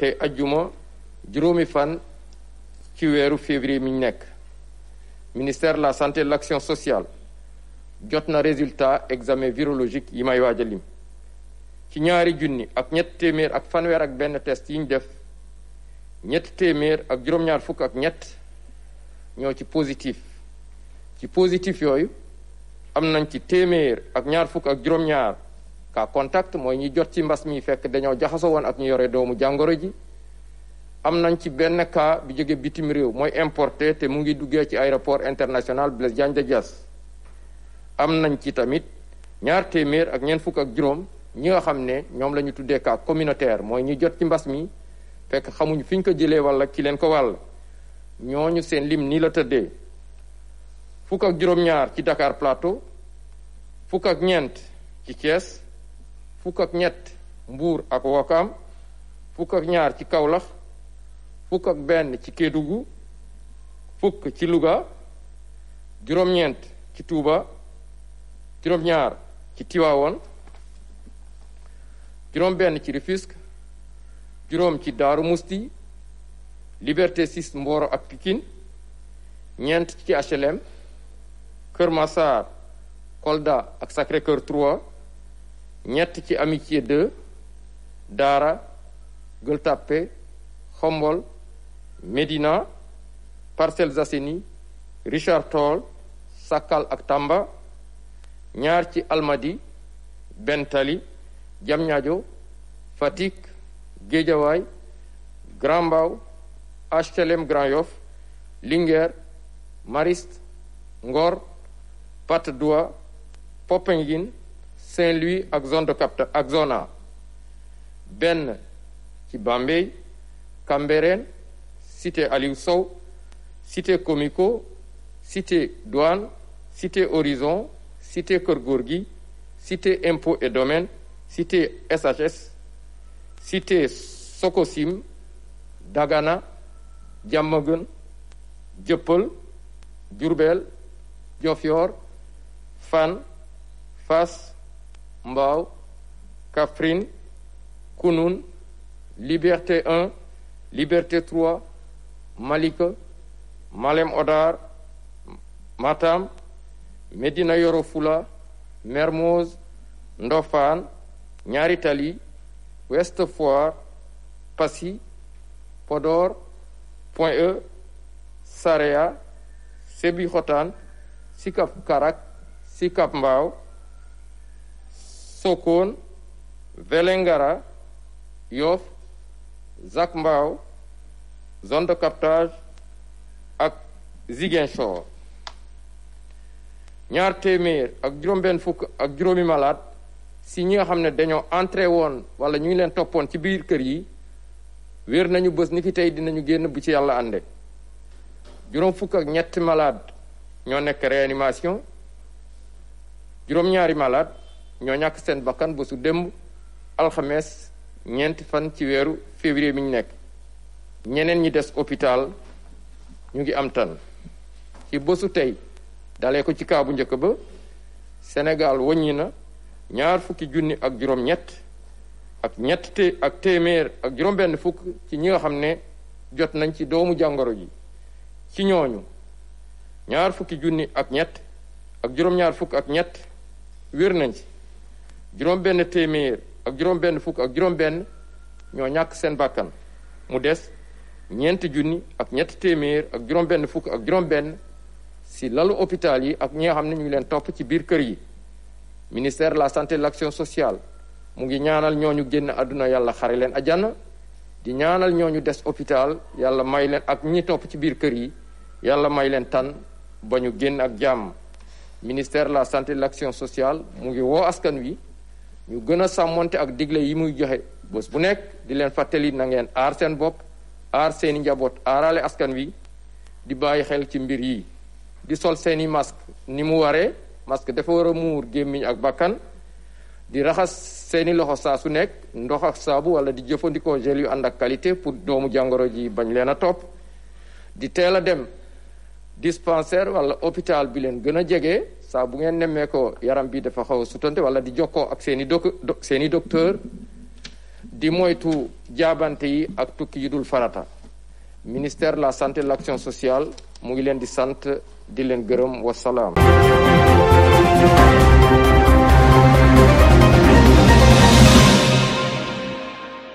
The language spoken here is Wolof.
tey ajjuma juróomi fan ci weeru février mi ñu nekk ministère de la santé et de l'action sociale jot na résultat examen virologique yi may waaj a lim ci ñaari junni ak ñett téeméer ak fanweer ak benn test yi ñu def ñett téeméer ak juróom-ñaar fukk ak ñett ñoo ci positif ci positif yooyu am nañ ci téeméer ak ñaar fukk ak juróom-ñaar cas contact mooy ñi jot ci mbas mi fekk dañoo jaxaso woon ak ñu yore doomu jàngoro ji am nañ ci benn cas bi jóge bitim réew mooy importé te mu ngi duggee ci aéroport international Blaise Diagne de Diass am nañ ci tamit ñaar téeméer ak ñeent fukk ak juróom ñi nga xam ne ñoom la ñu tuddee cas communautaire mooy ñi jot ci mbas mi fekk xamuñu fiñ ko jëlee walla ki leen ko wàll ñu seen lim nii la tëddee fukk ak juróom-ñaar ci Dakar Plateau fukk ak ñeent ci Thiès fukk ak ñett mbuur ak wakaam fukk ak ñaar ci kawlax fukk ak benn ci kédugu fukk ci luga juróom-ñeent ci tuuba juróom-ñaar ci tiwaawoon juróom-benn ci Rufisque juróom ci daaru musti liberté 6 mbooro ak pikin ñeent ci HLM Kër Massar Kolda ak Sacré Cœur 3 ñett ci amitié 2 daara Gueule Tapée Khombole Médina Parcelles Assainies Richard Toll Sakal ak tàmba ñaar ci Almadi Bentali Diamniadio Fatick Guédiawaye Grand Mbao HLM Grand Yoff Linguère Mariste Ngor Patte d'Oie Popenguine Saint-Louis ak zone benn ci Bambey Cambérène cité Aliou Sow cité Comico cité Douane cité Horizon cité Keur cité Impôts et Domaines cité SHS cité Sokosim Dagana Diamaguène Dieuppeul Diourbel Diofior Fann Fass Mbao Kaffrine Kounoune Liberté 1 Liberté 3 Malika Malem Odar Matam Médina Yoro Fula Mermoz Ndofane Ñaari Tali Ouest Foire Passy Podor Point E Saréa Sébikotane Sicap Karak Sicap Mbao Sokone Vélingara Yoff Zac Mbao zone de captage ak Ziguinchor ñaar téeméer ak juróom-benn fukk ak juróomi malade si ñi nga xam ne dañoo entré woon wala ñu ngi leen toppoon ci biir kër yi wér nañu bës ni ki tey dinañu génn bu ci yàlla ànde juróom fukk ak ñetti malade ñoo nekk réanimation juróom-ñaari malade ñoo ñàkk seen bakkan bësu su démb alxames ñeenti fan ci weeru février bi ñu nekk ñeneen ñi des hôpital ñu ngi am tan ci bésu tey dale ko ci kaabu njëkk ba Sénégal wëññi na ñaar fukki junni ak juróom ñett benn fukk ci ñi nga xam ne jot nañ ci doomu jàngoro ji ci ñooñu ñaar fukki junni ak ñett ak juróom-ñaar fukk ak ñett wér nañ ci juróom benn téeméer ak juróom benn fukk ak juróom benn ñoo ñàkk seen bakkan mu des ñeenti junni ak ñetti téeméer ak juróom benn fukk ak juróom benn si lalu hôpital yi ak ñi nga xam ne ñu ngi leen topp ci biir kër yi ministère la santé et de l'action sociale mu ngi ñaanal ñooñu génn àdduna yàlla xare leen àjjana di ñaanal ñoo ñu des hôpital yàlla may leen ak ñi topp ci biir kër yi yàlla may leen tan ba ñu génn ak jàmm ministère la santé de l'action sociale mu ngi woo askan wi ñu gën a sàmmonte ak digle yi muy joxe bés bu nekk di leen fàttali na ngeen aar seen bopp aar seeni njaboot aarale askan wi di bàyyi xel ci mbir yi di sol seeni masque ni mu waree masque dafa war a muur gémmiñ ak bakkan di raxas seeni loxo saa su nekk ndox ak saabu wala di jëfandikoo gel yu ànd ak qualité pour doomu jàngoro ji bañ leen a topp di teel a dem dispensaire wala hôpital bi leen gën a jege saa bu ngeen nemmee ko yaram bi dafa xaw a sutante wala di jokkoo ak seeni i doc docteur di moytu jaabante yi ak tukki yi dul farata ministère la santé de l'action sociale mu ngi leen di sant di leen gërëm wasalaam